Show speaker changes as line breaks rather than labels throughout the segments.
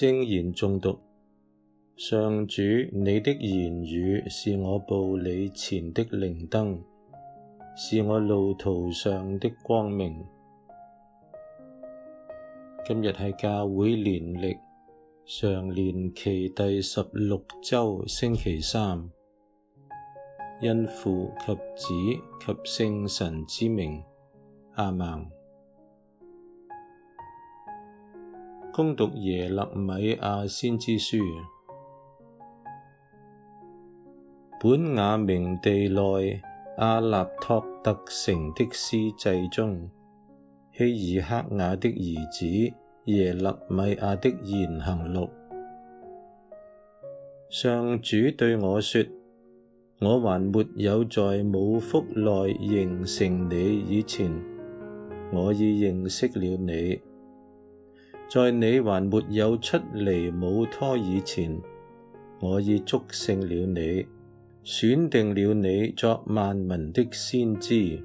聖言誦讀，上主，你的言語是我步履前的靈燈，是我路途上的光明。今日係教會年曆常年期第十六周星期三，因父及子及聖神之名，阿門。恭讀耶肋米亞先知書，本雅明地內阿納托特城的司祭中，希耳克雅的兒子耶肋米亞的言行錄，上主對我說：我還沒有在母腹內形成你以前，我已認識了你。在你還沒有出離母胎以前，我已祝聖了你，選定了你作萬民的先知。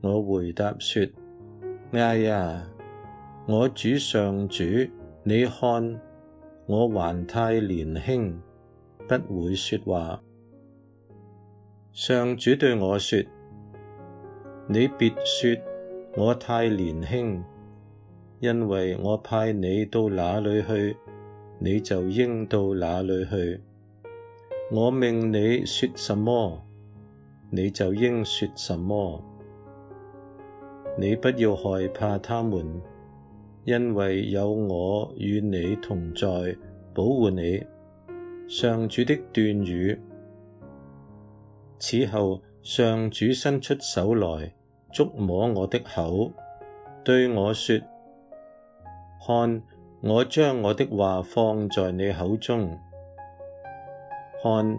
我回答說：哎呀，我主上主，你看，我還太年輕，不會說話。上主對我說：你別說我太年輕。因為我派你到那裏去，你就應到那裏去；我命你說什麼，你就應說什麼。你不要害怕他們，因為有我與你同在，保護你。上主的斷語。此後，上主伸出手來，觸摸我的口，對我說。看，我將我的話放在你口中。看，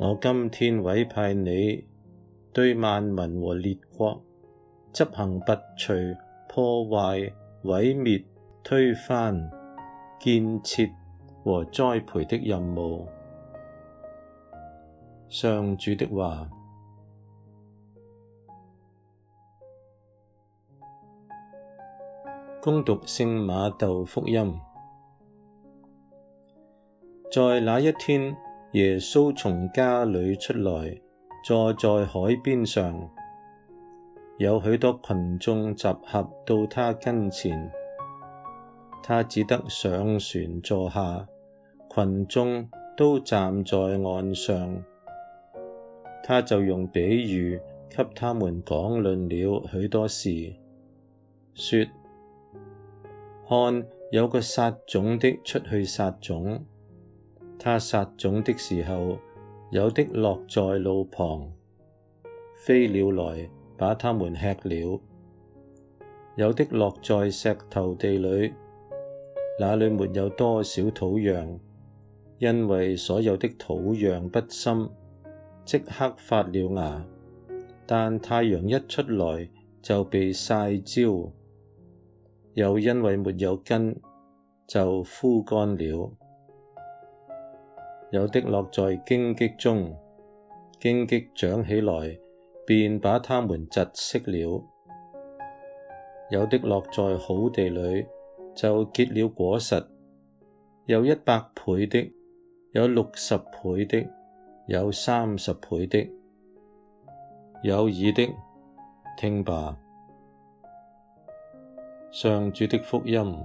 我今天委派你對萬民和列國，執行拔除、破壞、毀滅、推翻、建設和栽培的任務。上主的話。恭讀聖瑪竇福音，在那一天，耶穌從家裏出來，坐在海邊上，有許多群眾集合到他跟前，他只得上船坐下，群眾都站在岸上，他就用比喻給他們講論了許多事，說。看，有個撒種的出去撒種，他撒種的時候，有的落在路旁，飛鳥來把它們吃了；有的落在石頭地裏，那裏沒有多少土壤，因為所有的土壤不深，即刻發了芽，但太陽一出來，就被曬焦。又因為沒有根就枯乾了，有的落在荊棘中，荊棘長起來便把它們窒息了。有的落在好地裏，就結了果實。有一百倍的，有六十倍的，有三十倍的，有耳的，聽吧！上主的福音。